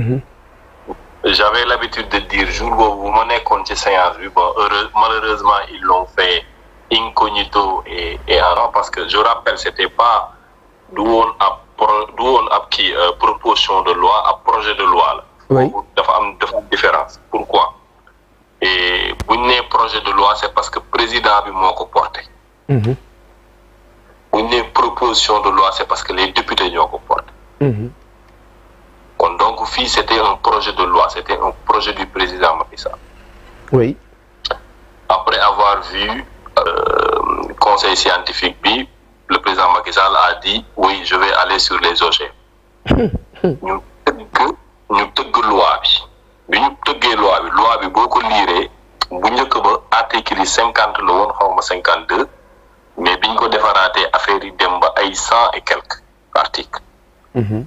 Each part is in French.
Mhm. j'avais l'habitude de dire jour vous bu malheureusement ils l'ont fait incognito et et parce que je rappelle c'était pas d'où on a une euh, proposition de loi à projet de loi oui dafa différence. pourquoi et vous projet de loi c'est parce que le président a moi ko Vous mhm. bu proposition de loi c'est parce que les députés eu Mm porté. Mhm. Donc, c'était un projet de loi, c'était un projet du président Sall. Oui. Après avoir vu euh, conseil scientifique B, le président Macky Sall a dit oui, je vais aller sur les objets. Nous avons loi Nous avons loi bi loi bi loi. Nous article 50, eu 52, mais biñ ko a affaire yi et quelques articles. Mhm.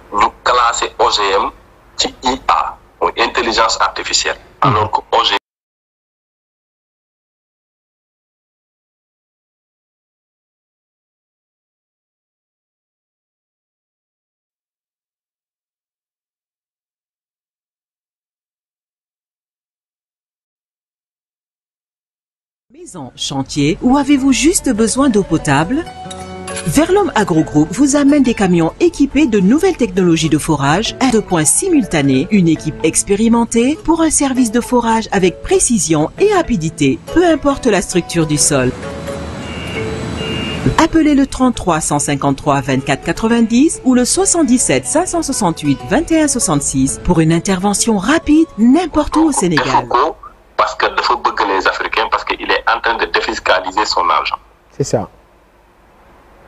Vous classez OGM TIA, IA intelligence artificielle mhm. alors que OGM Maison, chantier ou avez-vous juste besoin d'eau potable Verlom Agro Group vous amène des camions équipés de nouvelles technologies de forage à deux points simultanés, une équipe expérimentée pour un service de forage avec précision et rapidité, peu importe la structure du sol. Appelez le 33 153 24 90 ou le 77 568 21 66 pour une intervention rapide n'importe où au Sénégal. Parce que les Africains, parce qu'il est en train de défiscaliser son argent. C'est ça.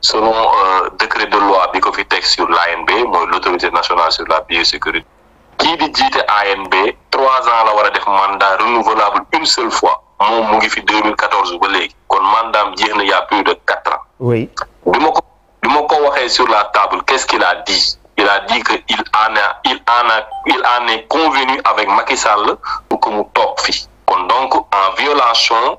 selon le euh, décret de loi bi sur l'ANB l'autorité nationale sur la biosécurité qui dit que l'ANB trois ans la war a def mandat renouvelable une seule fois mon Mougifi 2014 il y a plus de quatre ans. oui du moment qu'on sur la table qu'est-ce qu'il a dit il a dit qu'il en il il en est convenu avec Macky Sall pour que nous toog fi donc en violation.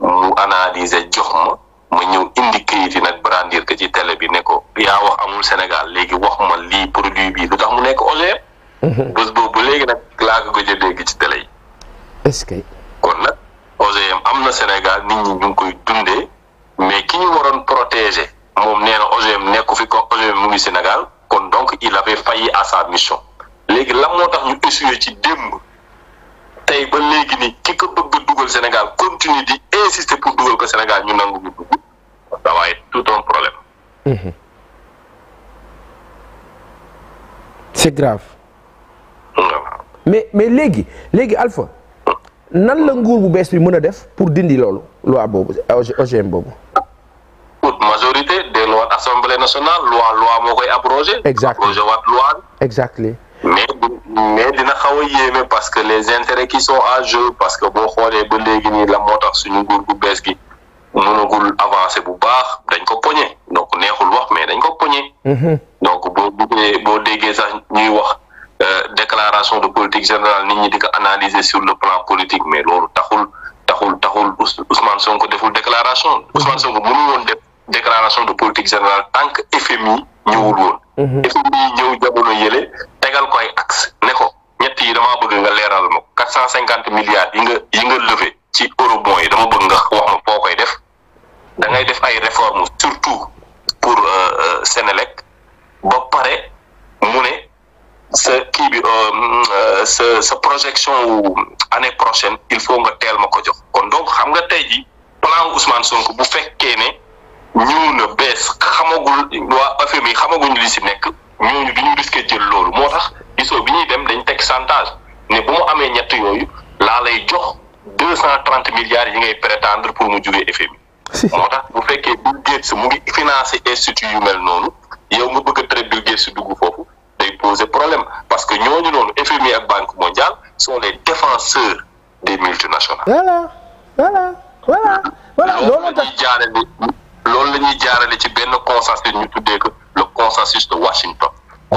mu analyser jox ma ma ñëw indi këyit yi nag brandir ko ci télé bi ne ko wax amul Sénégal léegi wax ma lii produit bii du tax mu nekk OGM. Mhm. bés boobu léegi nag laa ko gëj ci télé yi. que. kon nag OGM am na Sénégal nit ñi ñu ngi koy dundee mais ki ñu waroon protéger moom nee na OGM nekku fi ko OGM mu ngi Sénégal kon donc il la failli à sa mission léegi lan moo tax ñu échoué ci démb. tey ba léegi ni ki ko dugal Sénégal continue di insister pour dugal ko Sénégal ñu nangu ñu dugg ça va mhm. c'est grave. mais mais léegi léegi Alpha. nan la nguur bu bees bi mën a def pour dindi loolu loi boobu OGM boobu. toute majorité des lois assemblée nationale loi loi moo koy abrogé. exactement mais mais dina xaw yéme parce que les intérêts qui sont à jeu parce que bo xoolee ba légui ni la motax suñu nguur gu bees gi mënagul avancer bu baax dañ ko pogné donc neexul wax mais dañ ko pogné mhm. donc bo buggee bo déggee sax ñuy wax euh, déclaration de politique générale nit ñi di ko analyser sur le plan politique mais lolu taxul taxul taxul Ousmane Sonko deful déclaration. Mhm. Ousmane Sonko mënu won def déclaration de politique générale tant que FMI ñëwul woon. Mhm. FMI ñëw tegal koy ay axe ne ko ñett yi dama bëgg nga léral mo 450 milliards yi nga yi nga levé ci eurobond yi dama bëgg nga wax ma foo koy def da ngay def ay réformes surtout pour euh, euh, Sénélec ba pare mu ne ce kii bi ce euh, ce projection wu année prochaine il faut nga teel ma ko jox kon donc xam nga tey ji plan Ousmane Sonko bu fekkee ne ñëw na bees xamagul waa FMI xamaguñ li si nekk ñooñu bi ñu risqué jël loolu moo tax gisoo bi ñuy dem dañ teg chantage ne bu mu amee ñett yooyu laa lay jox 230 milliards yi ngay prétendre pour mu jugee FMI. moo tax bu fekkee Bill Gates mu ngi financé institut yu mel noonu yow nga bëgg a traiter Bill Gates dugg foofu day poser problème parce que ñooñu noonu FMI ak Banque mondiale sont les défenseurs des multinationales. voilà voilà voilà voilà loolu la ñuy jaarale loolu la ñuy jaarale ci benn consensus ñu tuddee que le consensus de Washington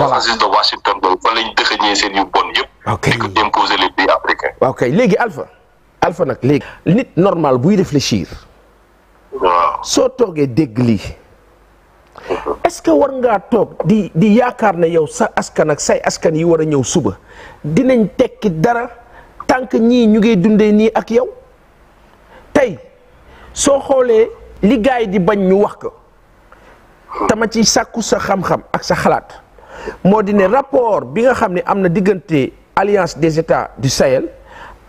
voilà Aziz de Washington boobu fan lañ dëxëñee seen yu bon yëpp. ok ko imposer les pays africains. ok Légui Alpha. Alpha Nak, Légui, nit normal buy réfléchir. waaw So, toogee dégg lii. Mm-hmm. est-ce que war ngaa toog di di yakarne yow sa askan ak say askan yi wara ñew ñëw suba dinañ tekki dara tank ñi ñu ngi dundé ni ak yow tay so xolé li gars di bañ ñu wax ko. tama ci sa xam-xam ak sa xalaat moo ne rapport bi nga xam ne am alliance des états du Sahel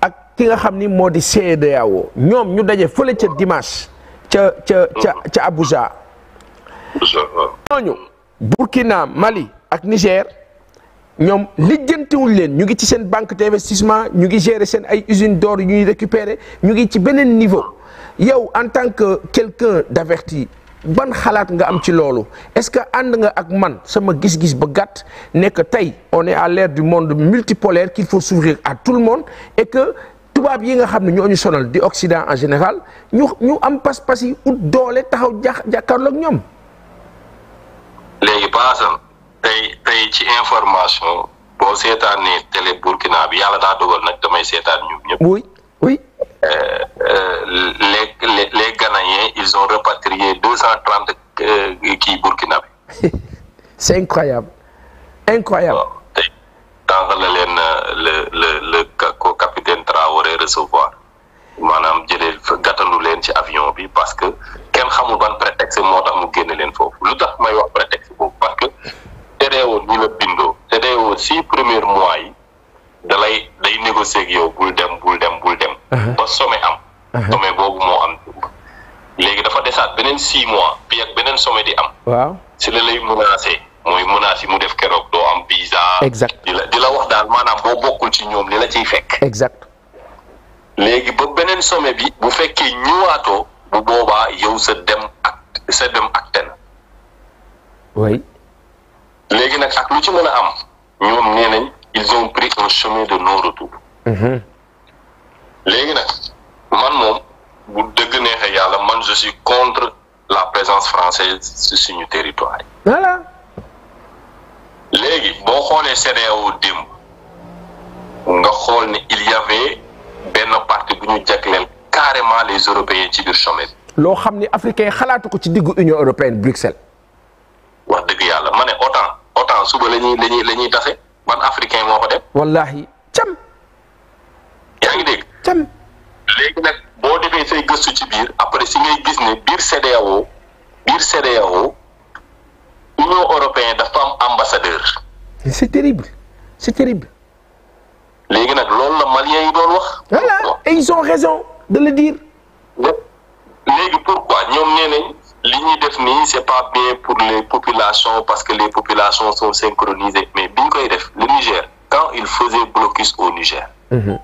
ak ki nga xam ni moo di CEDEAO ñoom ñu daje fële ca dimanche ca ca ca Abuja ñooñu Burkina Mali ak Niger ñoom lijjantiwuñ leen ñu ngi ci seen banque d'investissement ñu ngi gérer seen ay usines d'or yu ñuy récupérer ñu ngi ci beneen niveau yow en tant que quelqu'un d'averti ban xalaat nga am ci loolu est-ce que ànd nga ak man sama gis-gis ba gàtt ne que tey on est à l'ère du monde multipolaire qu'il faut s'ouvrir à tout le monde et que tubaab yi nga xam ne ñoo ñu sonal di Occident en général ñu ñu am pas-pas yi ut doole taxaw jaax jàkkaarloog ñoom. léegi baasal tey tey ci information boo ni télé Burkina bi yàlla daa dogal nag damay seetaan ñoom ñëpp. oui oui. Euh, euh, les, les, Ghanaiens, ils ont repatrié 230 euh, qui C'est incroyable. Incroyable. tant que le, le, le, capitaine recevoir. avion parce que kenn xamul prétexte parce que c'est le premier mois dalay day négocier ak yow bul dem bul dem bul dem. Uh-huh. ba sommet am. Uh-huh. sommet boobu moo am. léegi dafa desaat beneen six mois bi ak beneen sommet di am. waaw si la lay menacé mooy menace yi mu def keroog doo am visa. exact di la di la wax daal maanaam boo bokkul ci ñoom li la ciy fekk. exact léegi ba beneen some bi bu fekkee ñëwaatoo bu boobaa yow sa dem ak sa dem ak ten. léegi nag ak lu ci mën a am ñoom nee nañ. ils ont pris un chemin de non retour. Mhm. léegi nag man moom bu dëgg neexee yàlla man je suis contre la présence française sur suñu territoire voilà. Légui, boo xoolee CEDEAO démb nga xool ne il y avait ben parti bu ñu carrément les européens ci biir sommet Lo xamni africain xalatou ko ci diggu Union européenne Bruxelles. wax deug yalla mané autant autant suba la ñuy la ñuy ban africain moo def. wallahi cham yaa deg cham legui nak bo defé say gëstu ci bir après si ngay gis ne biir CEDEAO biir CEDEAO union européenne dafa am ambassadeur. c'est terrible c'est terrible. legui nak lolou la Maliens yi doon wax. voilà et ils ont raison de le dire. legui pourquoi ñom nee li de def n'est c'est pas bien pour les populations parce que les populations sont synchronisées mais bi le Niger quand il faisait blocus au Niger mhm.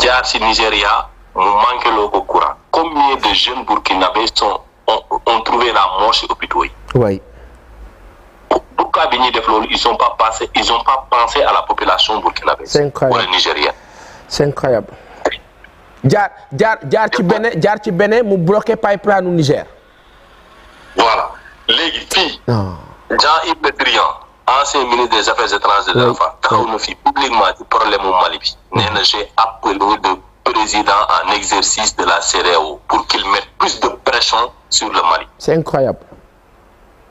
jaar Nigeria on manquait le recours. courant combien de jeunes burkinabés sont ont, trouvé la mort au hôpitaux oui. pourquoi bi ils n'ont pas pensé ils ont pas pensé à la population burkinabé le nigérienne c'est incroyable jaar jaar jaar ci Bénin jaar ci Bénin mu bloqué au Niger voilà les filles ah. Jean-Yves ancien ministre des affaires étrangères de l'Enfant, France, na publiquement ci problème au Mali appelé le président en exercice de la CEDEAO pour qu'il mette plus de pression sur le Mali. c'est incroyable.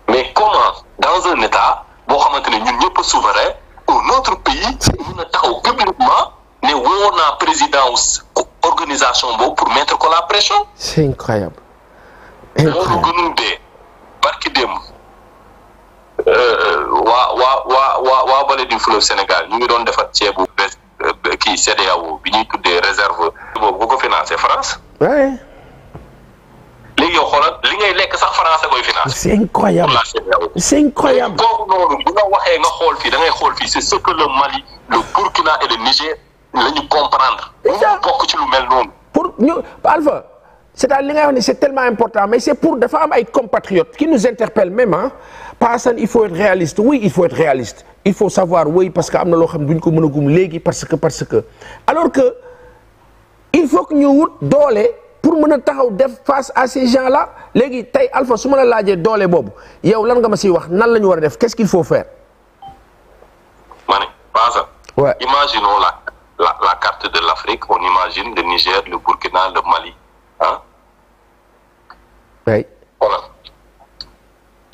mais comment dans un état boo nous ne ñun pas souverain un autre pays un état, publiquement ne woo un président organisation pour mettre la pression. c'est incroyable. incroyable barki démb euh, waa waa waa waa waa vallée du fleuve Sénégal ñu ngi doon defar ceeb bu bees euh, kii CEDEAO bi ñuy tuddee réserve boobu ku ko financé France. léegi yow xoolal li ngay lekk sax France koy financé. c'est incroyable c'est incroyable. kooku noonu bu nga waxee nga xool fii da ngay xool fii c'est ce que le Mali le Burkina et le Niger la ñu comprendre. ñu bokk ci lu mel noonu. pour ñu Alpha. cest tellement important mais c'est pour des femmes et compatriotes qui nous interpellent même Hein? Paasan il faut être réaliste oui il faut être réaliste il faut savoir oui parce que am na xam duñ ko mën a parce que parce que alors que il faut que nous nous pour nous faire face à ces gens là léegi tay Alpha su ma la laajee doole boobu yow lan nga ma wax nan qu'est-ce qu'il faut faire. ma imaginons la la carte de l'Afrique on imagine le Niger le Burkina le Mali Hein? Oui.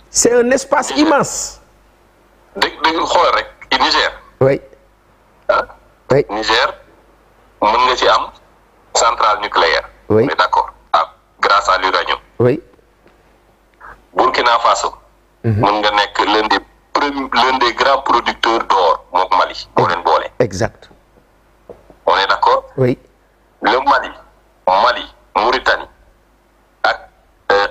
C'est un espace immense. Niger. oui. oui hein? Niger mën centrale nucléaire. oui mais d'accord. ah grâce à l'uranium. oui. Burkina Faso. Mhm. l'un des l'un des grands producteurs d'or au Mali exact. on est d'accord. oui. le Mali Mali Mauritanie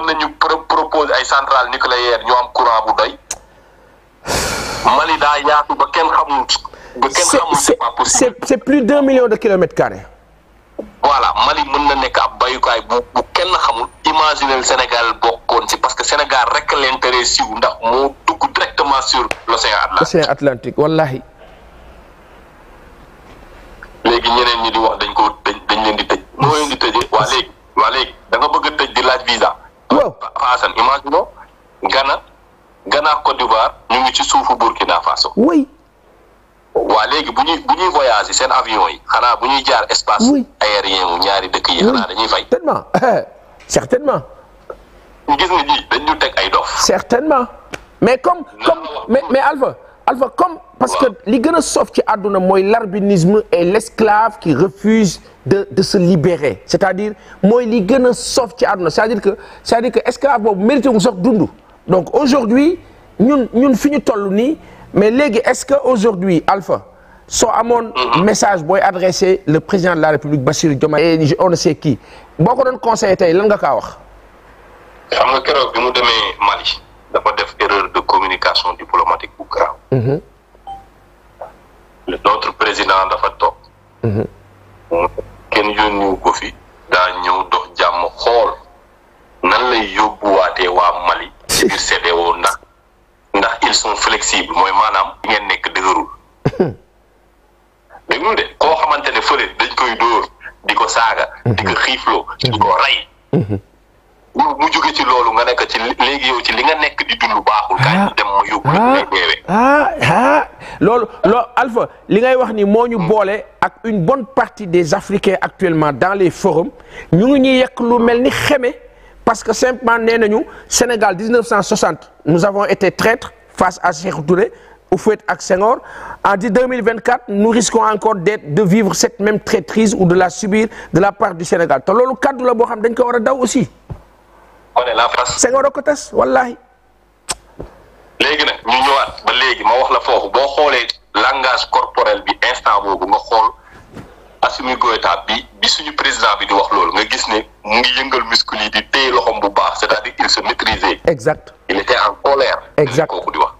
mën nañu proposer ay centrale nucléaire ñu am courant bu doy. Mali daa yaatu ba kenn xamul. ba kenn xamul c'est pas possible c'est plus d'un million de kilomètres carrés. voilà Mali mën na nekk ab bayukaay bu bu kenn xamul imaginez Sénégal bokkoon ci parce que Sénégal rek l'intérêt siw ndax moo dugg directement sur l'océan Atlantique. Océan Atlantique wallahi léegi ñeneen ñi di wax dañ ko dañ dañ leen di tëj. noo leen di tëjee waa léegi waa léegi da nga bëgg a tëj di laaj visa waaw Assane imagine Ghana Ghana Côte d'Ivoire ñu ngi ci suufu Burkina Faso. oui. waa léegi bu ñuy bu ñuy voyager seen avion yi xanaa bu ñuy jaar espace. aérien wu ñaari dëkk yi xanaa dañuy fay. certainement certainement. gis nga ni dañ ñu ay dof. certainement mais comme comme mais mais Alva. Alpha comme parce que li gën a donné ci àdduna l'arbinisme et l'esclave qui refuse de de se libérer c'est-à-dire mooy li gën a donné. ci c'est-à-dire que c'est-à-dire que esclave boobu mérité wu sax dund donc aujourd'hui ñun ñun finissons ñu toll mais léegi est-ce que aujourd'hui Alpha à mon mhm. message booy adressé le président de la République Bassirou Diomaye et on ne sait qui boo ko Conseil, conseillé tey lan nga kaa wax. xam nga keroog bi mu Mali. dafa def erreur de communication diplomatique bu grave. Mhm. notre président dafa toog. Mhm. kenn yónniwu ko fi daa ñëw dox jàmm xool nan lay yóbbuwaatee waa Mali. ci biir CEDEAO ndax ndax ils sont flexibles mooy maanaam li ngeen nekk dëgërul. Mhm. déglu de koo xamante ne fële dañ koy dóor di ko saaga. di ko xiifloo di ko rey. ñu jóge ci loolu nga nek ci léegi yow ci li nga nek di dund baaxul. kaay ñu ah, dem ma yóbbu la ah, ah ah loolu loolu Alpha li ngay wax ni moñu hmm. bolé ak une bonne partie des Africains actuellement dans les forums ñu ñi yek lu melni xémé parce que simplement nénañu Sénégal 1960 nous avons été traîtres face à Cheikh Touré fait ak Senghor en 2024 nous risquons encore d'être de vivre cette même traîtrise ou de la subir de la part du Sénégal te loolu kaddu la bo xam dañ ko wara daw aussi. wane la face. Senghor a ko tas wallaahi. léegi nag ñu ñëwaat ba léegi ma wax na foofu boo xoolee langage corporel bi instant boobu nga xool Assimi Goïta bi bi suñu président bi di wax loolu nga gis ni mu ngi yëngal muscles yi di téye loxom bu baax c'est-à-dire il se maîtrisait. exact il était en colère. exact kooku di wax.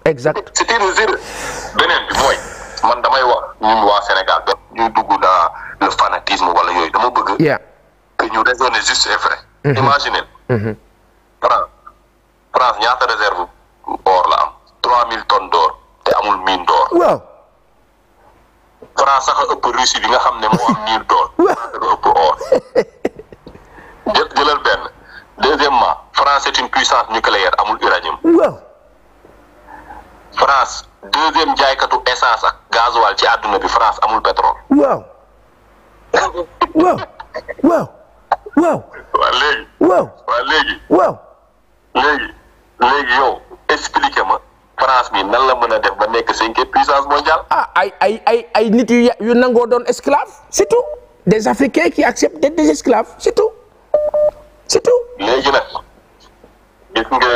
beneen bi mooy man damay wax ñun waa Sénégal ba ñuy dugg dans le fanatisme wala yooyu dama bëgg. que ñu raisonner juste et vrai. Mm-hmm. imaginez. Mm-hmm. Prince nyata ñaata réserve or la am 3000 tonnes d'or te amul mine d'or. waaw. France sax a ëpp Russie bi nga xam ne am mine d'or. France ëpp or. jël jëlal benn deuxièmement France est une puissance nucléaire amul uranium. waaw. France deuxième jaaykatu essence ak gasoil ci àdduna bi France amul pétrole. Wow. Wow. Wow. Wow. Wow. Wow. léegi léegi yow moi France bi nan la mën a def ba nekk cinquième puissance mondiale. ah ay ay ay ay nit yu yu nangoo esclave c'est tout des Africains qui acceptent d'être des esclaves c'est tout c'est tout. nga.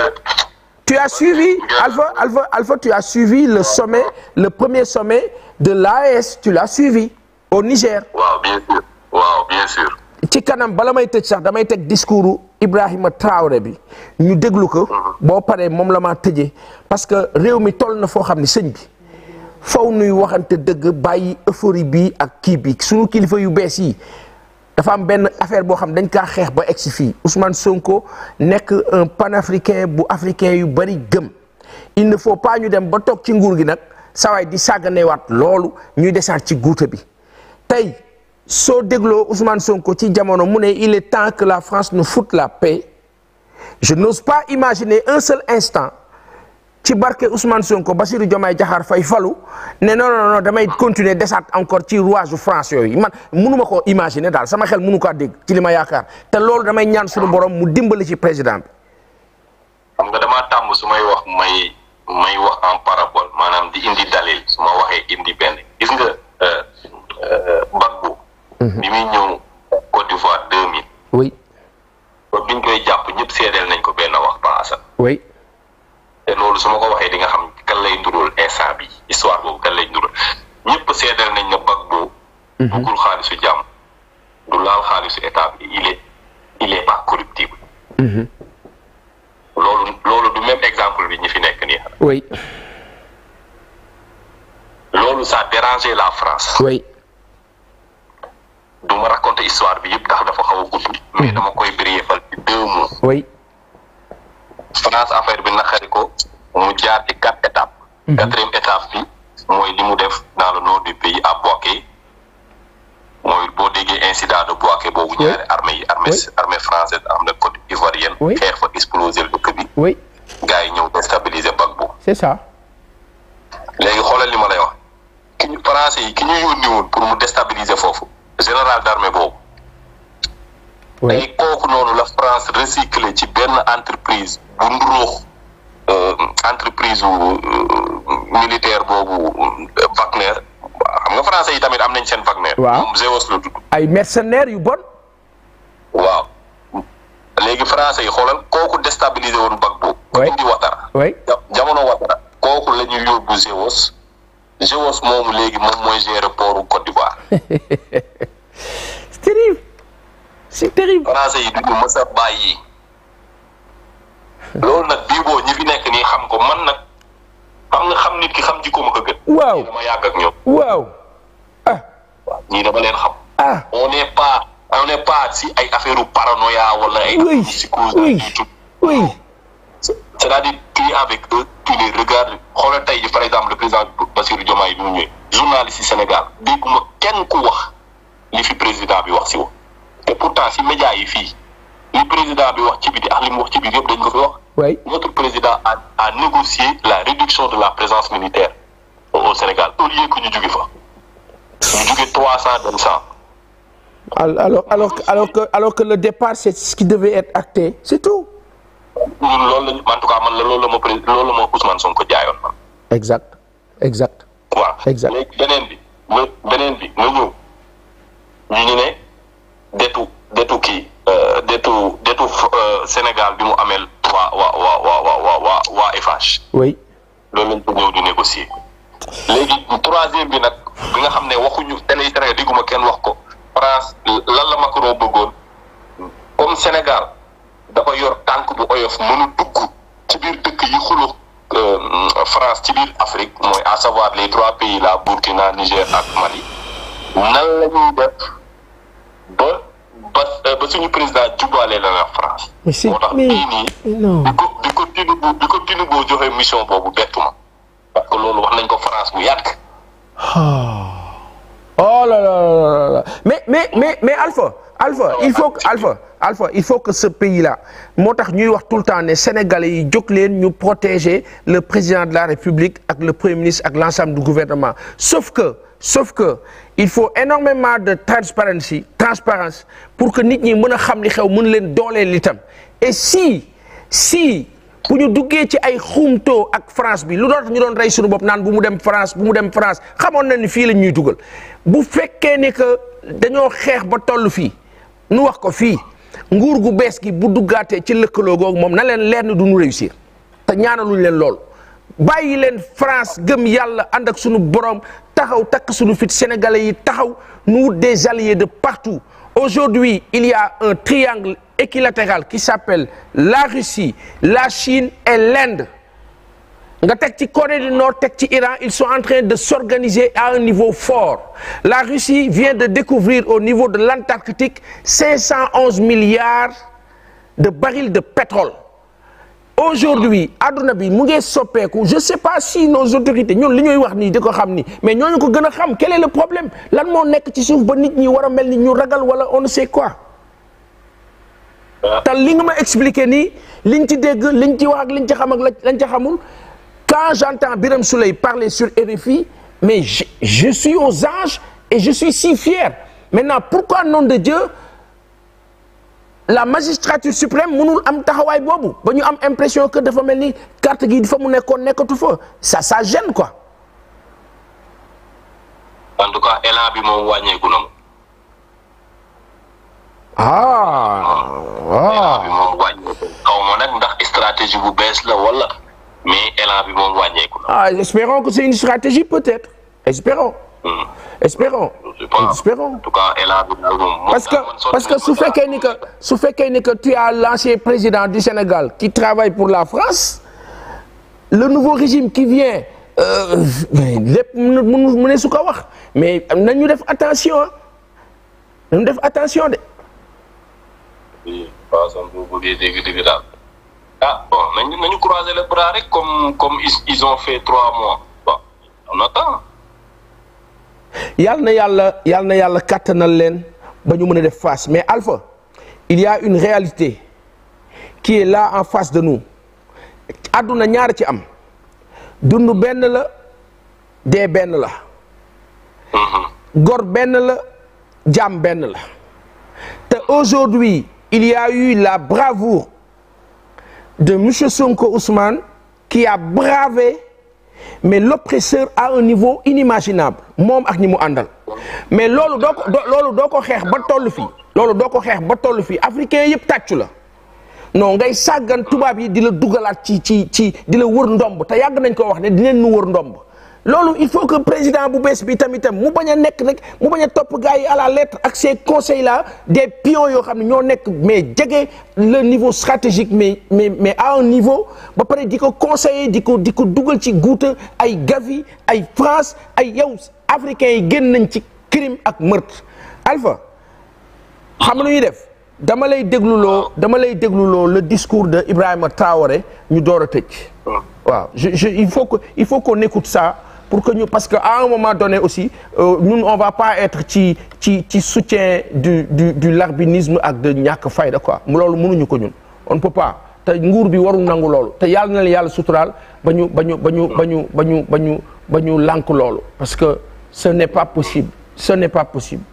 tu as suivi Alpha Alpha Alpha tu as suivi le sommet le premier sommet de l'AES tu l'as suivi au Niger. waaw bien sûr waaw bien sûr ci kanam bala may tëj sax damay teg discoursu Ibrahima Traoré bi ñu déglu ko bo paré mom la ma tëjee parce que réew mi toll na foo sëñ bi faw nuy waxante dëgg bàyyi euphorie bi ak kii bi suñu kilifa yu bees yi dafa am ben affaire bo xam dañ ka xex ba fi Ousmane Sonko nek un panafricain bu africain yu bari gëm il ne faut pas ñu dem ba tok ci nguur gi nak saway di wat lolu ñuy desaat ci bi tay So dégloo Ousmane Sonko ci jamono mu il est temps que la France nous foute la paix je n'ose pas imaginer un seul instant ci barké Ousmane Sonko Bassirou Diomaye Diakhar Faye falu ne non non non damay continuer desaat encore ci rouage France yoy man mënu ma imaginer dal sama xel mënu kaa dégg ci li ma yaakaar te damay ñaan suñu borom mu dimbali ci président bi. xam nga dama tambu sumay wax may may wax en parabole manam di indi dalil suma ma indi benn. muy Côte d'Ivoire 2000. oui. ba biñ koy jàpp ñëpp seedeel nañ ko benn wax paasa. oui. te loolu su ko waxee di nga xam kan lay ndural instant bi histoire boobu kan lay ndural ñëpp seedeel nañ ne Gbagbo. Mhm. bëggul xaalisu jàmm du laal xaalisu état bi il est il est pas corruptible. Mhm. du même exemple bi ñi fi oui. ça la France. oui. bi dama koy briller fal ci deux mois. oui. France affaire bi naqari ko mu jaar ci quatre étapes. Mhm. quatrième étape bi mooy li mu def dans le nord du pays à Boaké mooy boo déggee incident de Boaké boobu. ñaari armée yi armée armée française am na côte ivoirienne. xeex fa exploser dëkk bi. oui gars yi ñëw déstabiliser Gbagbo. c'est ça. entreprise bu nduróox euh, entreprise wu euh, militaire boobu euh, waa xam nga français yi tamit am nañ seen Wagner. waaw Zeus la tudd. ay mercenaire yu bon. waaw léegi français yi xoolal kooku déstabiliser woon Gbagbo. ko indi Ouattara. jamono kooku la ñuy yóbbu Zeus. Zeus moomu léegi moom mooy gérer port Côte d'Ivoire. c'est terrible c'est terrible. français yi duñu mës a bàyyi. loolu nag bii boo ñi fi nekk nii xam ko man nag xam nga xam nit ki xam jikko ma ko gën. waaw dama yàgg ak ñoom. waaw ah. ñii dama leen xam. ah on est pas on est pas si ay affaire paranoïa wala ay. oui oui oui c'est-à-dire tu avec eux tu les regardes xoolal tey ji par exemple le président Bassirou Diomaye bi mu ñëwee journaliste yi Sénégal dégguma kenn ku wax li fi président bi wax si woon te pourtant si média yi fii li président bi wax ci bi di ak li mu wax ci bi yëpp dañ ko fi wax notre président a, négocié la réduction de la présence militaire au, Sénégal, au lieu que nous 300, Alors, alors, que, le départ, c'est ce qui devait être acté, c'est tout. que Exact, exact. Exact. nous, nous, nous nous, nous, nous, Sénégal nous, nous, amel wa wa wa wa wa wa wa wa Eiffage. oui loolu lañ ko ñëw di négocier. léegi troisième bi nag bi nga xam ne waxuñu télé yi Sénégal dégguma kenn wax ko France lan la Macron bëggoon comme Sénégal dafa yor tànk bu oyof mënu dugg ci biir dëkk yi xulu euh, France ci biir Afrique mooy à savoir les trois pays là Burkina Niger ak Mali nan la def ba ba monsieur eh, le président jubbaale la la France. Mais non bii nii. bi ko bi ko Tinubu mission boobu bettu parce que loolu wax nañ France bu yàgg. oh là là mais mais mais mais Alpha. Alpha il faut que Alpha Alpha il faut que ce pays là motax ñuy wax tout le temps né sénégalais yi jóg leen ñu protéger le président de la république avec le premier ministre avec l'ensemble du gouvernement sauf que sauf que il faut énormément de transparence, transparence pour que nit ñi mëna xam li xew mën leen doolé litam. et si si pour ñu duggé ci ay xumto ak France bi lu doot ñu doon ray suñu bop naan bu mu dem France bu mu dem France xamoon nañ fi fii la ñuy duggal bu fekké ne que dañoo xex ba tollu fi nu wax ko fi nguur gu bees gi bu duggaté ci lëkkaloo gog mom na leen leer ni du ñu réussir te ñaanaluñ leen lool. France sénégalais nous des alliés de partout aujourd'hui il y a un triangle équilatéral qui s'appelle la Russie la Chine et l'Inde nga Corée du Nord ils sont en train de s'organiser à un niveau fort la Russie vient de découvrir au niveau de l'Antarctique 511 milliards de barils de pétrole aujourd'hui aduna bi je sais pas si nos autorités nous, li ñoy wax ni mais nous ko gëna quel est le problème lan nous nekk ci suuf ba nit ñi wara ragal wala on ne sait quoi tal li nga ma expliqué ni liñ ci dégg liñ ci liñ ci xam quand j'entends Biram parler sur RFI mais je, suis aux anges et je suis si fier maintenant pourquoi nom de Dieu la magistrature suprême mënul am l'impression am impression que dafa melni carte gi dafa mu nekkoon nekkatu fa ça ça gêne quoi. en tout cas elle bi mom mon na ah waaw élan bi mom wàññeeku ah, ah. Ah. xaw mo nak ndax stratégie bu bees la wala mais elan bi mom wàññeeku na. ah espérons que c'est une stratégie peut-être espérons. Hmm. espérons espérons en tout cas elle a parce que parce que su fekkee ni que su fekkee ni que tu as l'ancien président du Sénégal qui travaille pour la France le nouveau régime qui vient euh, mais, ne su wax mais nous devons faire attention de. oui faire attention. ko bëggee ah bon nous croisons croiser les bras comme comme ils ont fait trois mois bon on attend yalla na yalla yalla na yàlla ba ñu mën def face mais Alpha il y a une réalité qui est là en face de nous aduna ñaar ci am dundu ben la dee ben la mm-hmm. gor ben la jam ben la te aujourd'hui il y a eu la bravoure de monsieur Sonko Ousmane qui a bravé mais l'oppresseur à un niveau inimaginable moom ak ñi mu àndal mais loolu doo ko loolu doo ko xeex ba toll fii loolu doo ko xeex ba tollu fii africain yëpp tàccu la non ngay sàggan tubaab yi di la dugalaat ci ci ci di la wër ndomb te yàgg nañ koo wax ne di leen nu wër ndomb Lolo, il faut que président bu bees bi tamitam mu bañ nek, nekk mu gars à la lettre ak ses conseils là des pions yo, xam ñoo mais jege le niveau stratégique mais mais mais à un niveau ba pare di ko conseiller di ko di ko dugal ci guuta ay Gavi ay France ay yow africains yi génn nañ ci crime ak meurtre Alpha xam lu ñuy def dama lay damalay dama lay le discours de Ibrahima Traoré ñu door a tëj ah. je il faut que il faut qu'on écoute ça pour que parce que à un moment donné aussi euh, nous on va pas être ci ci ci soutien du du du larbinisme ak de ñàkk fayda quoi loolu mënuñu ko ñun on peut pas te ngour bi waru nangu loolu te yalla na la bañu bañu bañu bañu bañu bañu parce que ce n'est pas possible ce n'est pas possible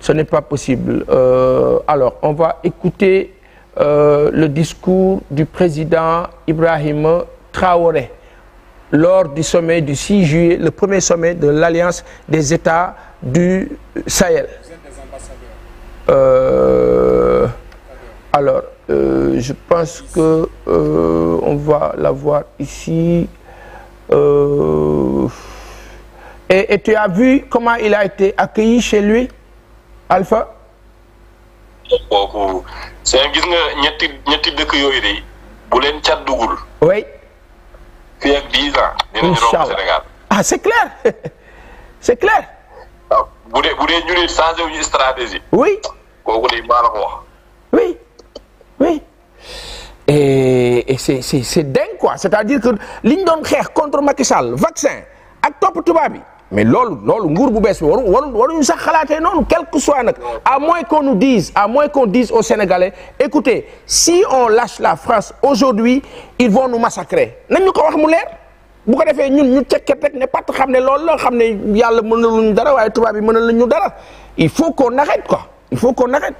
ce n'est pas possible euh, alors on va écouter euh, le discours du président Ibrahim Traoré lors du sommet du 6 juillet, le premier sommet de l'Alliance des États du Sahel. Euh, alors, euh, je pense que euh, on va l'avoir ici. Et, et, tu as vu comment il a été accueilli chez lui, Alpha Oui fii ak 10 ans. dinañu romb Sénégal ah c'est clair c'est clair. waaw bu dee bu changer ñu ñu stratégie. oui kooku de maa wax. oui oui. et et c'est dingue quoi cest à dire que li ñu contre Macky Sall vaccin ak top tubaab bi mais loolu loolu nguur bu bees bi waru waru waruñu sax xalaatee quel que soit nag à moins qu'on nous dise à moins qu'on dise aux Sénégalais écoutez si on lâche la France aujourd'hui ils vont nous massacrer nañ ñu ko wax mu leer bu ko defee ñun ñu cekket rek ne patt xam ne loolu pas xam ne yàlla mënaluñu dara waaye tubaab yi mënaluñu dara il faut qu'on arrête quoi il faut qu'on arrête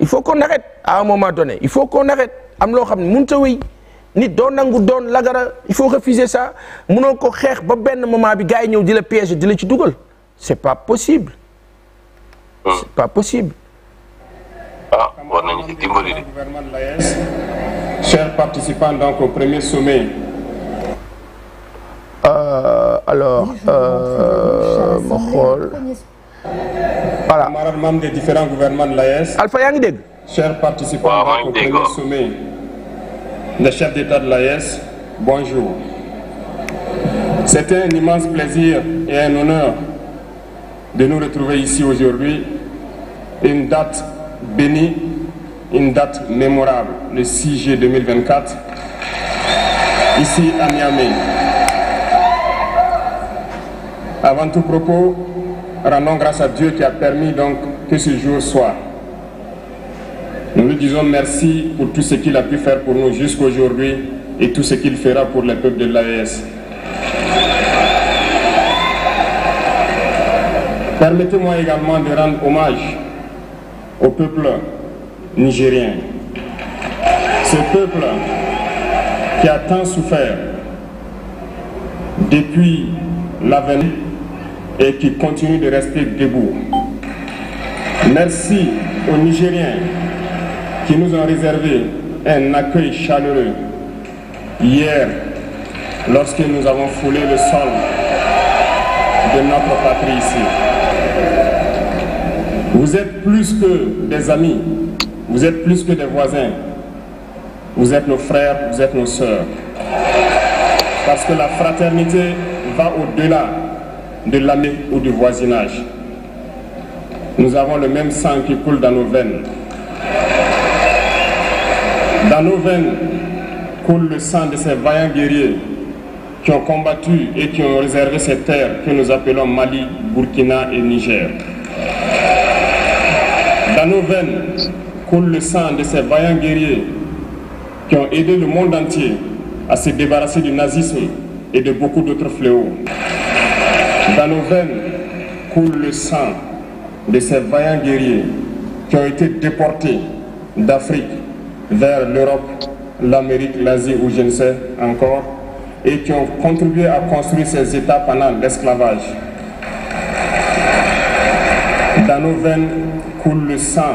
il faut qu'on arrête à un moment donné il faut qu'on arrête am loo xam ne mënut a wéy nit doo nangou doon lagara il faut refuser ça munoo ko xeex ba ben moment bi gars ñew di la piège di la ci c'est pas possible. Hmm. c'est pas possible. ah war nañu ci dimbali e chers participants donc au premier sommet. Euh, alors euh, voilà. des différents gouvernements de l'AES. Alpha ngi chers participants donc au premier sommet le chef d'État de l'AES, bonjour. C'était un immense plaisir et un honneur de nous retrouver ici aujourd'hui, une date bénie, une date mémorable, le 6 juillet 2024, ici à Miami. Avant tout propos, rendons grâce à Dieu qui a permis donc que ce jour soit nous lui disons merci pour tout ce qu'il a pu faire pour nous jusqu'aujourd'hui et tout ce qu'il fera pour le peuple de l'AES. Permettez-moi également de rendre hommage au peuple nigérien. Ce peuple qui a tant souffert depuis l'avenir et qui continue de rester debout. Merci aux Nigériens qui nous ont réservé un accueil chaleureux hier lorsque nous avons foulé le sol de notre patrie ici. Vous êtes plus que des amis, vous êtes plus que des voisins, vous êtes nos frères, vous êtes nos sœurs. Parce que la fraternité va au-delà de l'année ou du voisinage. Nous avons le même sang qui coule dans nos veines. Dans nos veines coule le sang de ces vaillants guerriers qui ont combattu et qui ont réservé ces terres que nous appelons Mali, Burkina et Niger. Dans nos veines coule le sang de ces vaillants guerriers qui ont aidé le monde entier à se débarrasser du nazisme et de beaucoup d'autres fléaux. Dans nos veines coule le sang de ces vaillants guerriers qui ont été déportés d'Afrique vers l'Europe, l'Amérique, l'Asie ou je ne sais encore, et qui ont contribué à construire ces États pendant l'esclavage. Dans nos veines coule le sang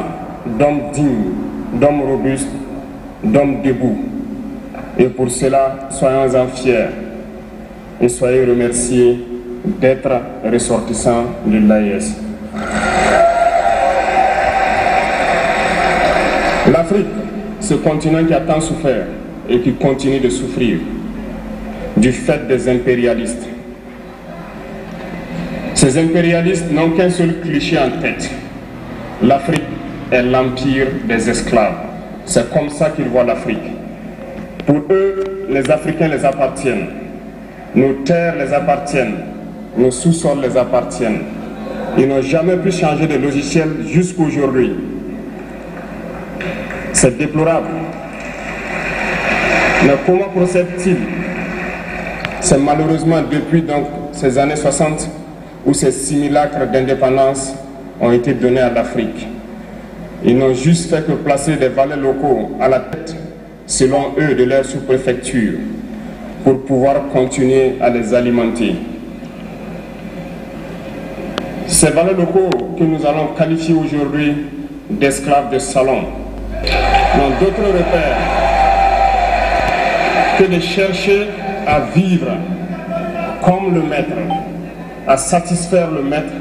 d'hommes dignes, d'hommes robustes, d'hommes debout. Et pour cela, soyons-en fiers et soyez remerciés d'être ressortissants de l'AIS. E L'Afrique ce continent qui a tant souffert et qui continue de souffrir du fait des impérialistes. Ces impérialistes n'ont qu'un seul cliché en tête. L'Afrique est l'empire des esclaves. C'est comme ça qu'ils voient l'Afrique. Pour eux, les Africains les appartiennent. Nos terres les appartiennent. Nos sous-sols les appartiennent. Ils n'ont jamais pu changer de logiciel jusqu'aujourd'hui. C'est déplorable. Mais comment procède-t-il C'est malheureusement depuis donc ces années 60 où ces simulacres d'indépendance ont été donnés à l'Afrique. Ils n'ont juste fait que placer des valets locaux à la tête, selon eux, de leur sous-préfecture pour pouvoir continuer à les alimenter. Ces valets locaux que nous allons qualifier aujourd'hui d'esclaves de salon n'ont d'autre repères, que de chercher à vivre comme le maître, à satisfaire le maître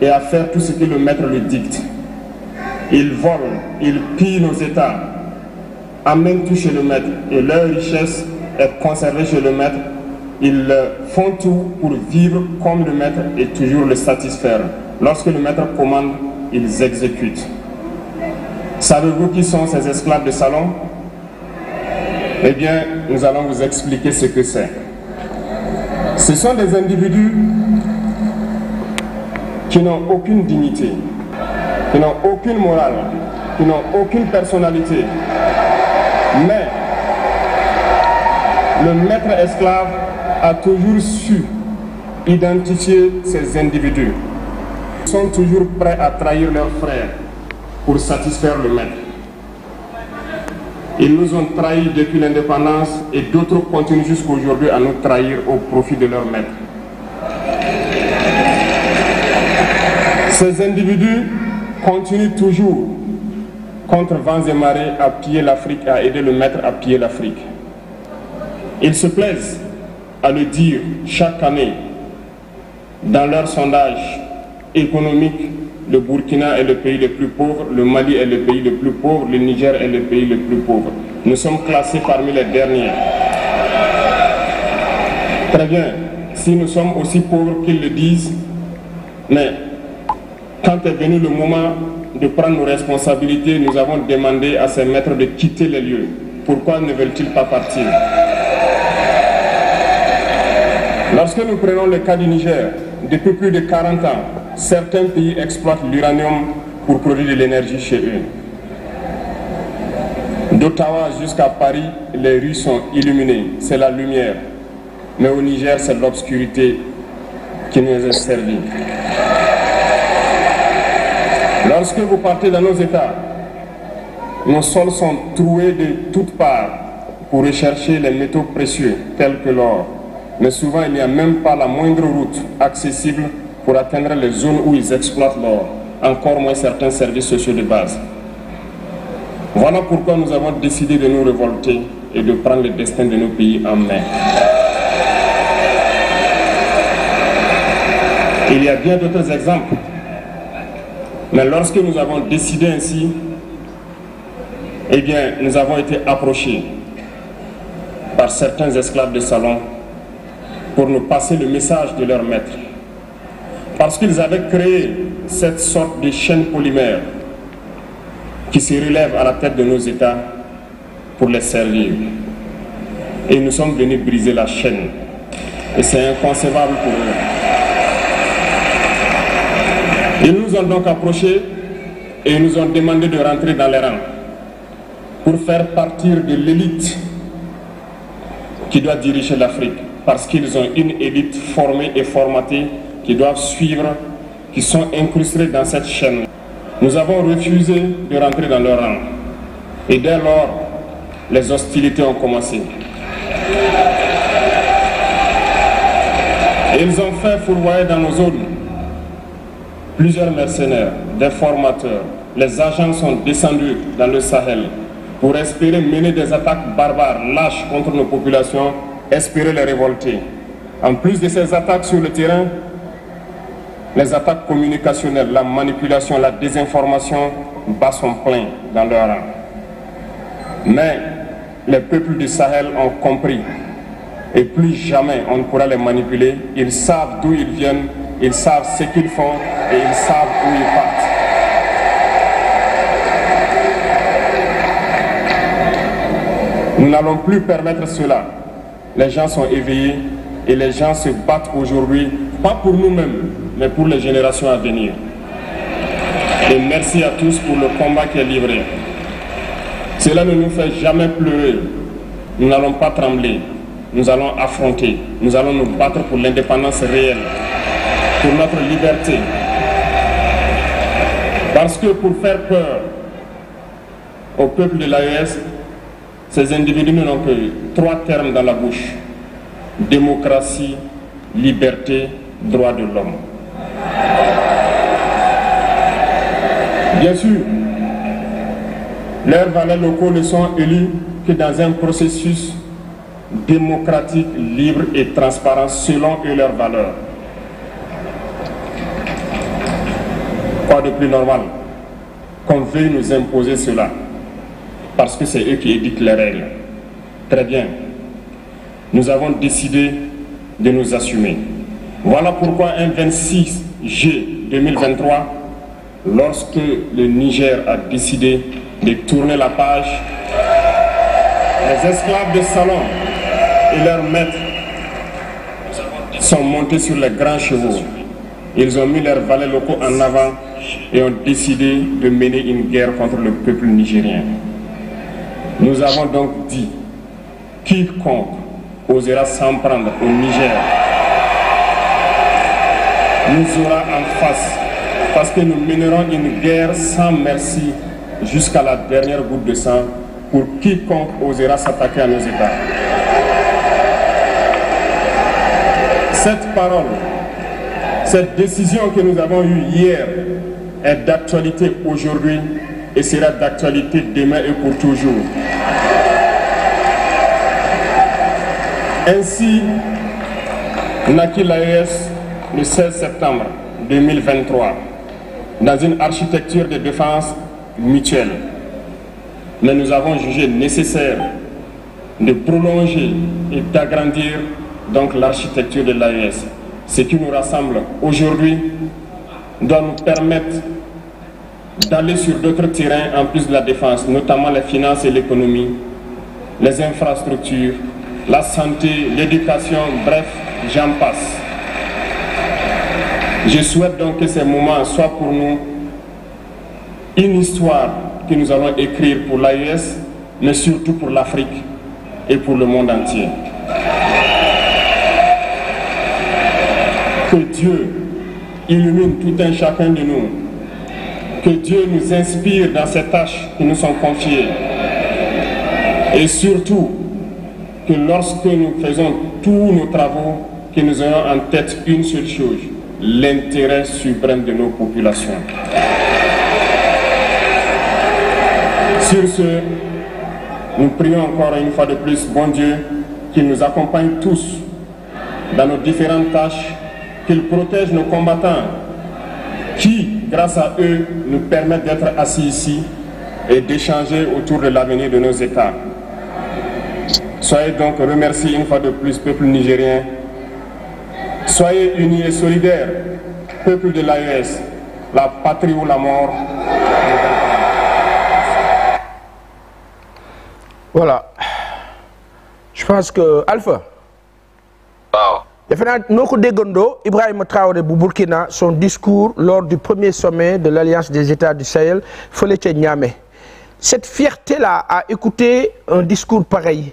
et à faire tout ce que le maître lui dicte. Ils volent, ils pillent nos États, amènent tout chez le maître et leur richesse est conservée chez le maître. Ils font tout pour vivre comme le maître et toujours le satisfaire. Lorsque le maître commande, ils exécutent. Savez-vous qui sont ces esclaves de salon Eh bien, nous allons vous expliquer ce que c'est. Ce sont des individus qui n'ont aucune dignité, qui n'ont aucune morale, qui n'ont aucune personnalité. Mais le maître esclave a toujours su identifier ces individus. Ils sont toujours prêts à trahir leurs frères pour satisfaire le maître. Ils nous ont trahis depuis l'indépendance et d'autres continuent jusqu'aujourd'hui à nous trahir au profit de leur maître. Ces individus continuent toujours contre vents et marées à piller l'Afrique, à aider le maître à piller l'Afrique. Ils se plaisent à le dire chaque année dans leur sondage économique le Burkina est le pays le plus pauvre, le Mali est le pays le plus pauvre, le Niger est le pays le plus pauvre. Nous sommes classés parmi les derniers. Très bien, si nous sommes aussi pauvres qu'ils le disent, mais quand est venu le moment de prendre nos responsabilités, nous avons demandé à ces maîtres de quitter les lieux. Pourquoi ne veulent-ils pas partir Lorsque nous prenons le cas du Niger, depuis plus de 40 ans, certains pays exploitent l'uranium pour produire de l'énergie chez eux. D'Ottawa jusqu'à Paris, les rues sont illuminées, c'est la lumière. Mais au Niger, c'est l'obscurité qui nous est servie. Lorsque vous partez dans nos États, nos sols sont troués de toutes parts pour rechercher les métaux précieux tels que l'or. Mais souvent, il n'y a même pas la moindre route accessible pour atteindre les zones où ils exploitent l'or, encore moins certains services sociaux de base. Voilà pourquoi nous avons décidé de nous révolter et de prendre le destin de nos pays en main. Il y a bien d'autres exemples. Mais lorsque nous avons décidé ainsi, eh bien, nous avons été approchés par certains esclaves de salon pour nous passer le message de leur maître parce qu'ils avaient créé cette sorte de chaîne polymère qui se relève à la tête de nos États pour les servir. Et nous sommes venus briser la chaîne. Et c'est inconcevable pour eux. Ils nous ont donc approchés et nous ont demandé de rentrer dans les rangs pour faire partir de l'élite qui doit diriger l'Afrique parce qu'ils ont une élite formée et formatée qui doivent suivre, qui sont incrustés dans cette chaîne. Nous avons refusé de rentrer dans leur rang. Et dès lors, les hostilités ont commencé. Ils ont fait fourvoyer dans nos zones plusieurs mercenaires, des formateurs. Les agents sont descendus dans le Sahel pour espérer mener des attaques barbares, lâches contre nos populations, espérer les révolter. En plus de ces attaques sur le terrain, les attaques communicationnelles, la manipulation, la désinformation bas son plein dans leur rang. Mais les peuples du Sahel ont compris et plus jamais on ne pourra les manipuler. Ils savent d'où ils viennent, ils savent ce qu'ils font et ils savent où ils partent. Nous n'allons plus permettre cela. Les gens sont éveillés, et les gens se battent aujourd'hui, pas pour nous-mêmes, mais pour les générations à venir. Et merci à tous pour le combat qui est livré. Cela ne nous fait jamais pleurer. Nous n'allons pas trembler. Nous allons affronter. Nous allons nous battre pour l'indépendance réelle, pour notre liberté. Parce que pour faire peur au peuple de l'AES, ces individus n'ont que trois termes dans la bouche démocratie, liberté, droit de l'homme. Bien sûr, leurs valeurs locaux ne sont élus que dans un processus démocratique, libre et transparent selon leurs valeurs. Quoi de plus normal qu'on veuille nous imposer cela parce que c'est eux qui éditent les règles. Très bien, nous avons décidé de nous assumer. Voilà pourquoi un 26 G 2023, lorsque le Niger a décidé de tourner la page, les esclaves de salon et leurs maîtres sont montés sur les grands chevaux. Ils ont mis leurs valets locaux en avant et ont décidé de mener une guerre contre le peuple nigérien. Nous avons donc dit, quiconque osera s'en prendre au Niger nous aura en face parce que nous mènerons une guerre sans merci jusqu'à la dernière goutte de sang pour quiconque osera s'attaquer à nos États. Cette parole, cette décision que nous avons eue hier est d'actualité aujourd'hui et sera d'actualité demain et pour toujours. Ainsi naquit l'AES le 16 septembre 2023 dans une architecture de défense mutuelle. Mais nous avons jugé nécessaire de prolonger et d'agrandir donc l'architecture de l'AES. Ce qui nous rassemble aujourd'hui doit nous permettre d'aller sur d'autres terrains en plus de la défense, notamment les finances et l'économie, les infrastructures, la santé, l'éducation, bref, j'en passe. Je souhaite donc que ces moments soient pour nous une histoire que nous allons écrire pour l'AES, mais surtout pour l'Afrique et pour le monde entier. Que Dieu illumine tout un chacun de nous. Que Dieu nous inspire dans ces tâches qui nous sont confiées. Et surtout, que lorsque nous faisons tous nos travaux, que nous ayons en tête une seule chose, l'intérêt suprême de nos populations. Sur ce, nous prions encore une fois de plus, bon Dieu, qu'il nous accompagne tous dans nos différentes tâches, qu'il protège nos combattants qui, grâce à eux, nous permettent d'être assis ici et d'échanger autour de l'avenir de nos États. Soyez donc remerciés une fois de plus, peuple nigérien. Soyez unis et solidaires, peuple de l'AES, la patrie ou la mort. Voilà. Je pense que Alpha. Wow. Le président Noko Gondo, Ibrahim Traoré de son discours lors du premier sommet de l'Alliance des États du Sahel cette fierté là à écouter un discours pareil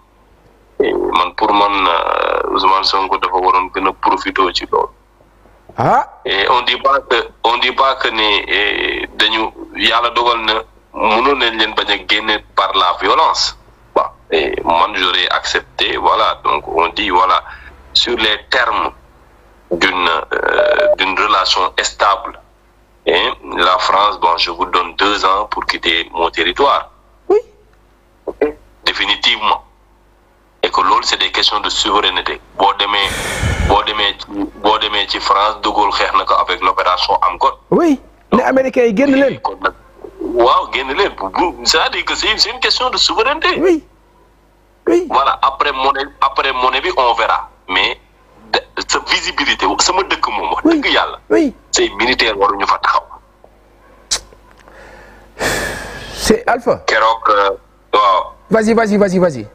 man pour man euh, Ousmane Sonko dafa waroon profiter de ci lool ah. et on dit pas que on dit pas que ni eh, dañu yalla dogal na nañ leen par la violence. bah et man j'aurais accepté voilà donc on dit voilà sur les termes d'une euh, d'une relation stable. et la France bon je vous donne deux ans pour quitter mon territoire. oui. définitivement et que l'autre, c'est des questions de souveraineté Bon, demain, France de Gaulle avec l'opération encore. oui Les américains ils gagnent. leen Waouh, nag waaw génn dire que c'est une question de souveraineté. oui oui voilà après mon après mon on verra mais cette visibilité c'est mon de wax dëgg oui militaire C'est Alpha. Euh, vas-y vas-y vas-y vas-y.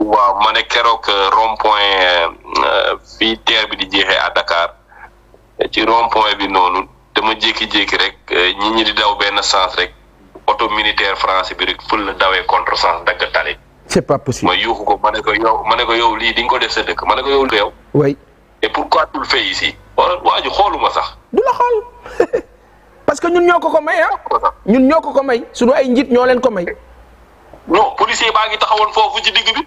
waaw ma ne keroog euh, rond point fii euh, teer bi di jeexee à Dakar ci rond bi noonu dama jékki-jékki rek euh, ñi ñi di daw benn sens rek auto militaire français bi rek fël la dawee contre sens dagg tali. c'est pas possible ma yuuxu ko ma ne ko yow ma ne ko yow lii di nga ko def sa dëkk ma ne ko yow yow. oui et pourquoi tu le fais ici. waa ji xooluma sax. du la xool parce que ñun ñoo ko ko may ah. ñun ñoo ko ko may sunu ay njiit ñoo leen ko may. non policier baa ngi taxawoon foofu ci digg bi.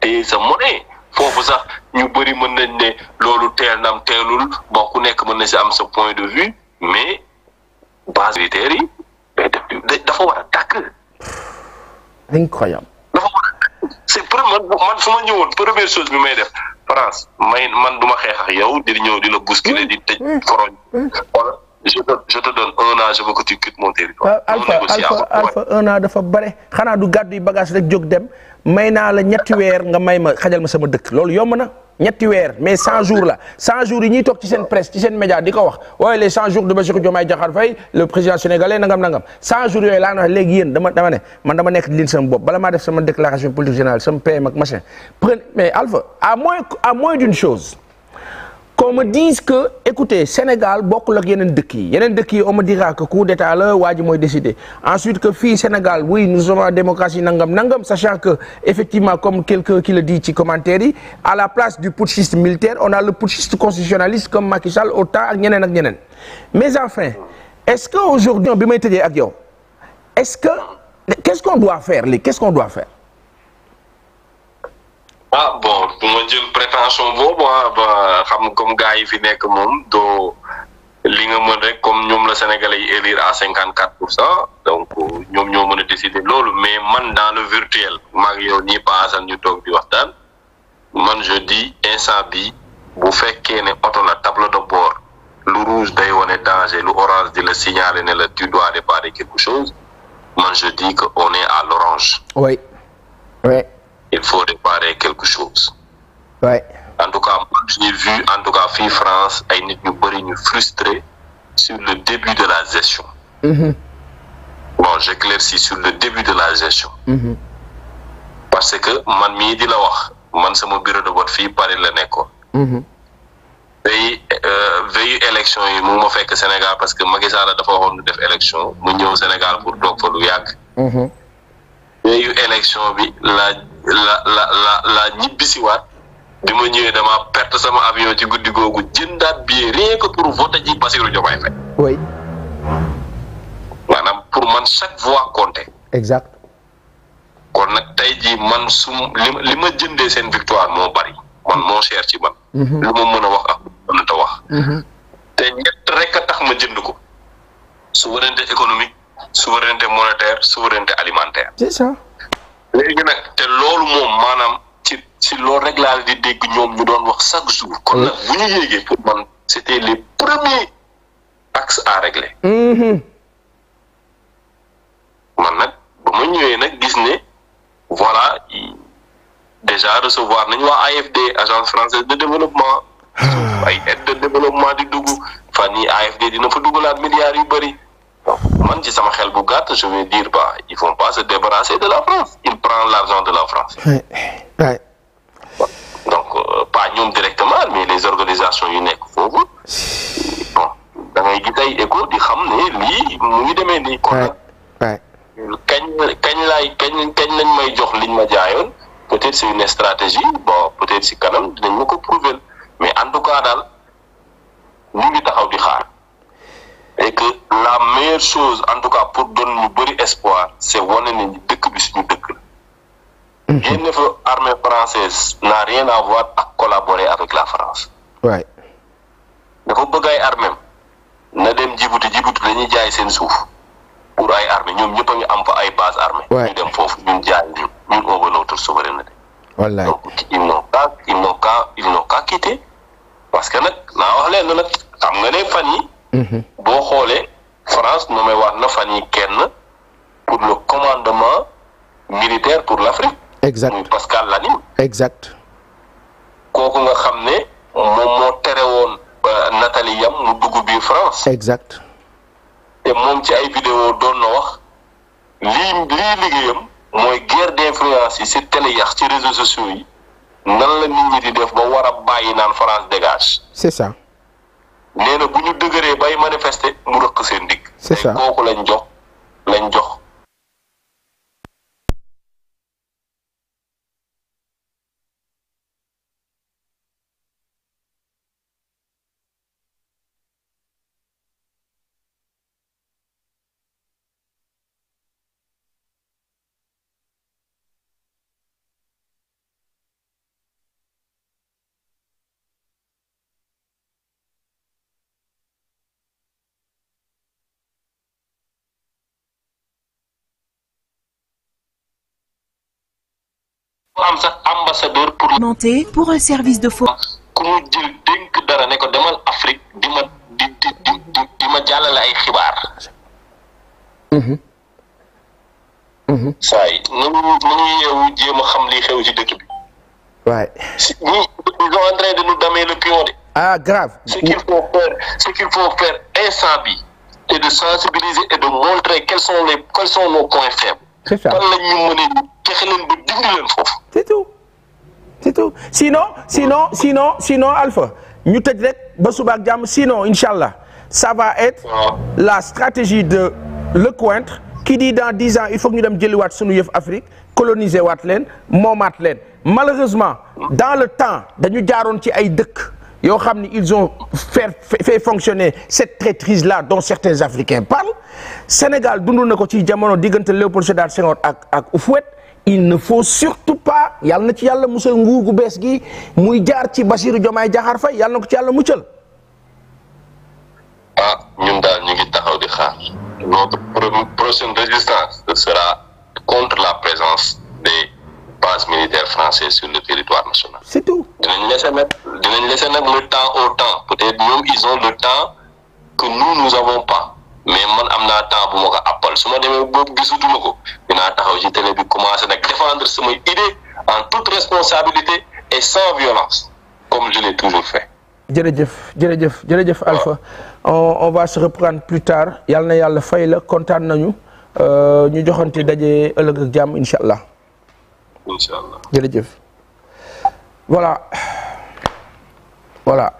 téye sa monnaie foofu sax ñu bari mën nañ ne loolu teel nam teelul bon ku nekk mën na si am sa point de vue mais base militaire yi dafa war a tàkk. incroyable. dafa war a tàkk c'est premier man su ma ñëwoon première chose bi may def France may man du ma xeex ak yow di ñëw di la bousculer di tëj koroñ. je te je te donne un an je veux que tu quittes mon territoire. Alpha Alpha Alpha un an dafa bare xanaa du gàddu yi bagage rek jóg dem may la ñetti wër nga may ma xajal ma sama dëkk loolu yomb na ñetti wër mais 100 jours la 100 jours yi ñi tok ci sen presse ci sen média di ko wax way les 100 jours de Bassirou Diomaye Diakhar Faye le président sénégalais nangam nangam 100 jours yoy la wax léegi yéen dama dama ne man dama nekk liin sama bopp bala ma def sama déclaration politique générale sama PM ak machin mais Alpha à moins à moins d'une chose qu'on me dise que écoutez Sénégal le ak de qui yi yeneen de qui. on me dira que coup d'état le wadi ji décidé ensuite que fille Sénégal oui nous avons la démocratie nangam nangam sachant que effectivement comme quelqu'un qui le dit ci commentaire à la place du putschiste militaire on a le putschiste constitutionnaliste comme Macky Sall autant ak ñeneen ak mais enfin est-ce qu'aujourd'hui aujourd'hui peut may tëjee ak est-ce que qu'est-ce qu'on doit faire les qu'est-ce qu'on doit faire ah bon pour à son prétention moi, ah, bah comme gars yi fi nekk moom do li nga comme ñoom la sénégalais yi à 54% donc nous ñoo sommes décidés décider loolu mais man dans le virtuel maa n'est yow ñii paasal ñu toog di waxtaan man je dis instant bi bu fekkee ne oto la table de bord lu rouge day wone danger lu orange di la signaler la tu dois réparer quelque chose man je dis que on est à l'orange oui oui il faut réparer quelque chose oui en tout cas j'ai vu en tout cas Fille France ay nit ñu frustré sur le début de la gestion mhm. bon j'éclaircis sur le début de la gestion mhm. parce que man mii di la wax man sama bureau de votre fille, Paris la nekkoon mhm. euh, veille élection yi mu ma que Sénégal parce que Macky Sall dafa du def élection mu Je Sénégal pour à fa lu veille élection bi la la la la la bima ma ñëwee dama perte sama avion ci guddi googu jëndaat billet rien que pour voter ji Bassirou Diomaye fay oui maanaam pour man chaque voix comptait exact kon nag tey ji man su li ma jëndee seen victoire moo bari man moo cher ci man mhm. lu ma mën a wax ak mënata wax mhm. te ñett rek tax ma jënd ko souveraineté économique souveraineté monétaire souveraineté alimentaire c'est ça léegi nag te loolu moom maanaam si l'on réglait la di nous ñoom doon wax chaque jour. le premier bu ñu pour man c'était les premiers à régler. Mm-hmm. Maintenant, nag ba ma ñëwee voilà déjà recevoir nañ waa AFD agence française de développement. Ah. ay aide de développement di dugg fan AFD dina fa la milliard yu Bari. man ci sama xel bu je vais dire bah ils vont pas se débarrasser de la France ils prennent l'argent de la France ak directement mais les organisations uniques, nekk bon da ngay gis ay écho di xam ne lii mu ngi demee may jox peut-être c'est une stratégie bon peut-être si kanam dinañ ko prouver mais en tout cas nous ñu ngi taxaw di xaar et que la meilleure chose en tout cas pour donner un bëri espoir c'est wane ne dëkk bi suñu dëkk même mm-hmm. l'armée française n'a rien à voir à collaborer avec la France. Ouais. ay armée na dem Djibouti Djibouti pour ay armée on a am fa ay armées ñu ils n'ont qu'à quitter parce que wax ne mm-hmm. France pour le commandement militaire pour l'Afrique exact muy Pascal Lanime. exact. kooku nga xamné mom mo téré won woon euh, Nathalie Yam mu dugg bi France. exact. té mom ci ay vidéo doon na wax lii lii liggéeyam moy guerre d'influence yi ci télé yax ci réseaux sociaux yi nan la nit ñi di def ba wara a nan France dégage. c'est ça. néna na bu ñu bay manifester mu rëq seen digg. c'est ça kooku lañ jox lañ jox. ambassadeur pour. monter pour un service de fonds. Mhm. Mhm. de nous le ah grave. ce qu'il faut faire c'est de sensibiliser et de montrer quels sont sont nos points faibles. c'est ça c'est tout c'est tout sinon sinon sinon sinon Alpha ñu te rek sinon Inchallah ça va être la stratégie de le cointre qui dit dans 10 ans il faut que nous dem suñu Afrique coloniser leen malheureusement dans le temps dañu ci ils ont fait fonctionner cette traîtrise là dont certains Africains parlent Sénégal nous ko ci jamono il ne faut surtout pas yalla na ci yalla musal nguur gu bees gi muy jaar ci Bassirou Diomaye jahar fay yalla nako ci yalla muccel ah ñun daal ñu ngi taxaw di xaar notre prochaine résistance sera contre la présence des bases militaires françaises sur le territoire national c'est tout dinañ laisser nag dinañ laisser nak le temps au temps peut-être ñoom ils ont le temps que nous nous avons pas mais man amna temps bu ma ko suma su bo demee ba gisutuma ko dinaa taxaw ci télé bi commencé nak défendre samay idée en toute responsabilité et sans violence comme je l'ai toujours fait. jerejef jerejef jerejef Alpha on on va se reprendre plus tard Il na a fay la kontaan nañu euh, ñu joxante dajé ëllëg ak jàmm inshallah inshallah jerejef voilà voilà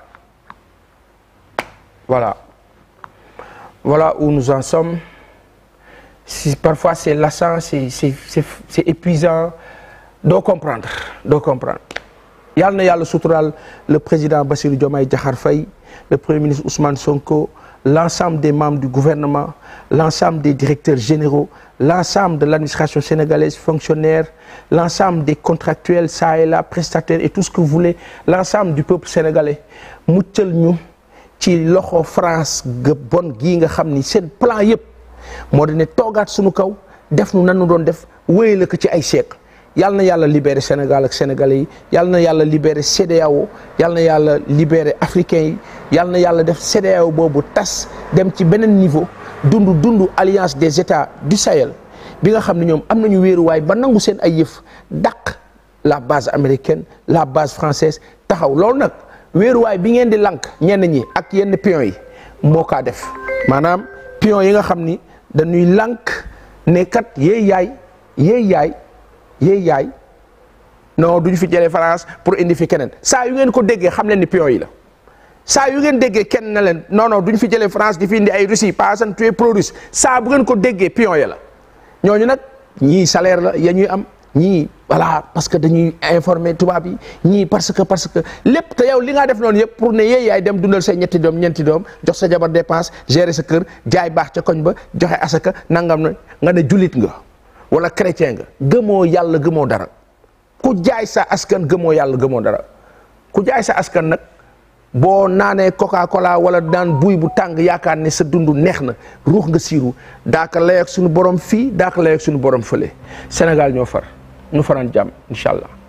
voilà. Voilà où nous en sommes. Parfois, c'est lassant, c'est épuisant. Donc comprendre Il comprendre y a le le président Bassirou Diomaye Djahar le premier ministre Ousmane Sonko l'ensemble des membres du gouvernement l'ensemble des directeurs généraux l'ensemble de l'administration sénégalaise fonctionnaire, l'ensemble des contractuels ça et là prestataires et tout ce que vous voulez l'ensemble du peuple sénégalais ci loxo France ga bon gii nga xam ni seen plan yëpp moo di ne toogaat suñu kaw def nu nanu doon def wéyale ko ci ay siècle yàlla na yàlla libéré Sénégal ak sénégal yi yàlla na yàlla libéré CEDEAO yàlla na yàlla libéré africains yi yàlla na yàlla def CEDEAO boobu tas dem ci beneen niveau dundu dundu alliance des états du Sahel bi nga xam ne ñoom am nañu wéeruwaay ba nangu seen ay yëf dàq la base américaine la base française taxaw loolu nag wéeruwaay bi ngeen di lank ñenn ñi ak yenn pion yi moo kaa def maanaam pion yi nga xam ni dañuy lank ne kat yéey yaay yéey yaay yéey yaay non duñu fi jëlee France pour indi fi keneen saa yu ngeen ko déggee xam leen ni pion yi la saa yu ngeen déggee kenn na leen non non duñu fi jëlee France di fi indi ay Russie paasan tu es pro saa bu ngeen ko déggee pion ya la ñooñu nag ñii salaire la ya ñuy am ñii voilà parce que dañuy informer tubaab yi ñii parce que parce que lépp te yow li ngaa def noonu yëpp pour ne yee dem dundal say ñetti doom ñeenti doom jox sa jabar dépense gérer sa kër jaay baax ca koñ ba joxe asaka nangam na nga ne julit nga wala chrétien nga gëmoo yàlla gëmoo dara ku jaay sa askan gëmoo yàlla gëmoo dara ku jaay sa askan nag boo naanee coca cola wala daan buy bu tàng yaakaar ni sa dund neex na ruux nga siiru daaka layoog suñu borom fii daaka layoog suñu borom fële Sénégal ñoo far. nu fanaan jàmm incha allah.